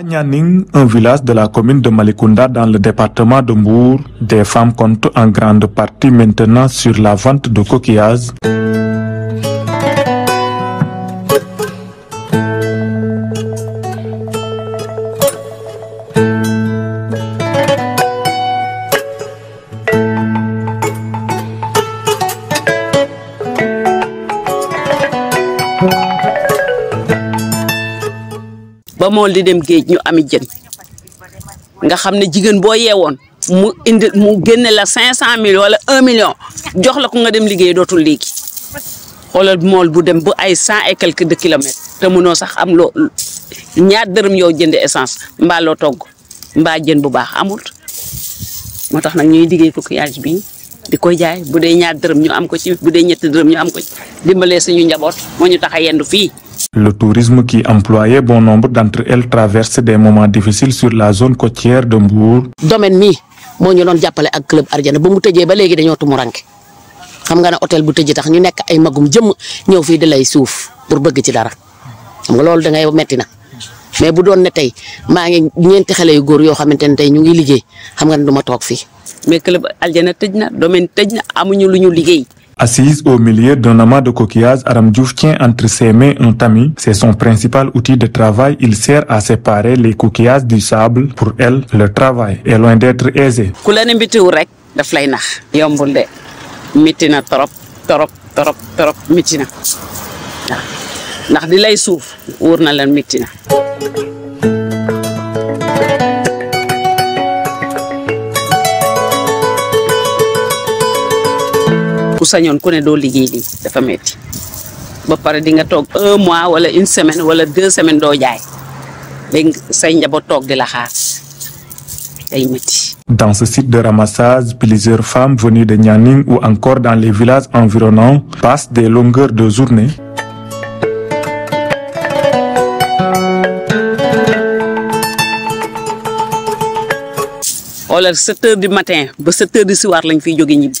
À un village de la commune de Malikunda dans le département de Mbour, des femmes comptent en grande partie maintenant sur la vente de coquillages. mo li dem geej ñu ami jeen nga xamne jigen bo yewon mu indi mu genné la 500 wala 1 million jox la ko nga dem liggéey dotul léegi xolal mool bu dem bu ay 100 et quelques de kilomètres te mëno sax am lo ñaar deureum yow jënd essence mba lo togg mba jën bu baax amul motax nak ñuy liggéey coquillage bi di koy jaay bu dé ñaar deureum ñu am ko ci bu dé ñett deureum ñu am ko dimbalé suñu njabot mo ñu taxay a yendu Le tourisme qui employait bon nombre d'entre elles traverse des moments difficiles sur la zone côtière de Mbour. domaine mi moo ñu doon jàppale ak club Arjana ba mu tëjee ba léegi dañoo tumuranke xam nga ne hôtel bu tëjee tax ñu nekk ay magum jëmm ñëw fii di lay suuf pour bëgg ci dara xam nga loolu da ngay metti na mais bu doon ne tey maa ngi ñeenti xale yu góor yo xamante tay ñu ngi liggéey xam nga duma tok fi. mais club Arjana tejna domaine tejna amuñu luñu ñu liggéey. Assise au milieu d'un amas de coquillages, Aram Diouf tient entre ses mains un tamis. C'est son principal outil de travail. Il sert à séparer les coquillages du sable. Pour elle, le travail est loin d'être aisé. sañoon ku do doo liggéey dafa metti ba pare di nga tok un mois wala une semaine wala deux semaines do jaay léegi say njaboot tok di la xaar day metti. Dans ce site de ramassage, plusieurs femmes venues de Nianing ou encore dans les villages environnants passent des longueurs de journée. xoolal 7 h du matin ba 7 h du soir lañ fiy jóge ñibbi.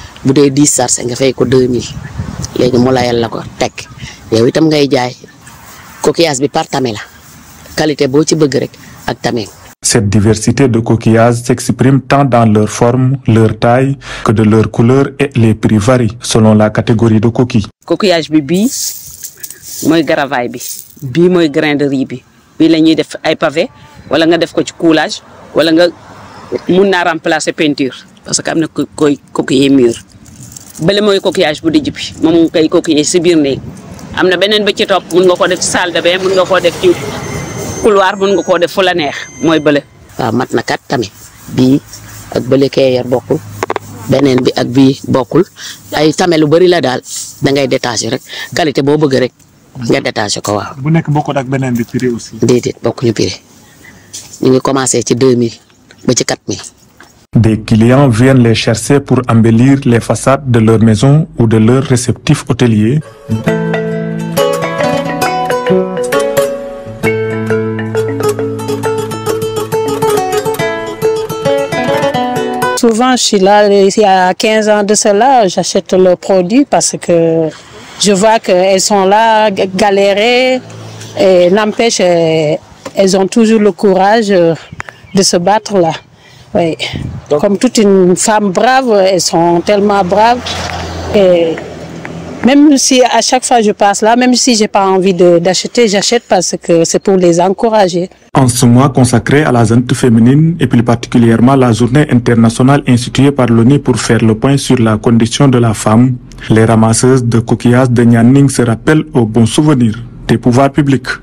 bu dee 10 sarse nga fay ko 2000 mille léegi mu layal la ko teg yow itam ngay jaay coquillage bi par tame la qualité boo ci bëgg rek ak tamé. Cette diversité de coquillages s'exprime tant dans leur forme, leur taille que de leur couleur et les prix varient selon la catégorie de coquille. coquillage bi bii mooy garavaay bi bii mooy grain de riz bi bii la ñuy def ay pavé wala nga def ko ci coulage wala nga mun remplacer peinture parce que am na koy coquille mur. bële mooy coquillage bu dijj bi moom nga ko coquillage si biir néeg am na beneen ba ci topp mun nga koo def salle de bain mun nga koo def ci mun nga koo def fu neex mooy bële. waaw mat na kat tamit bii ak bële kee yar bokkul beneen bi ak bii bokkul ay tame lu bari la daal da ngay détaché rek qualité boo bëgg rek nga détaché ko waaw. bu nekk bokkul ak beneen bi prix aussi. déedéet bokkuñu prix ñu ngi commencé ci deux mille ba ci quatre mille Des clients viennent les chercher pour embellir les façades de leur maison ou de leur réceptif hôtelier. Souvent, je suis là, il y a 15 ans de cela, j'achète leurs produits parce que je vois qu'elles sont là, galérées, et n'empêche, elles ont toujours le courage de se battre là. Oui. Comme toute une femme brave, elles sont tellement braves. Et même si à chaque fois je passe là, même si j'ai pas envie d'acheter, j'achète parce que c'est pour les encourager. En ce mois consacré à la zone féminine et plus particulièrement la journée internationale instituée par l'ONU pour faire le point sur la condition de la femme, les ramasseuses de coquillages de Nyanning se rappellent au bon souvenir des pouvoirs publics.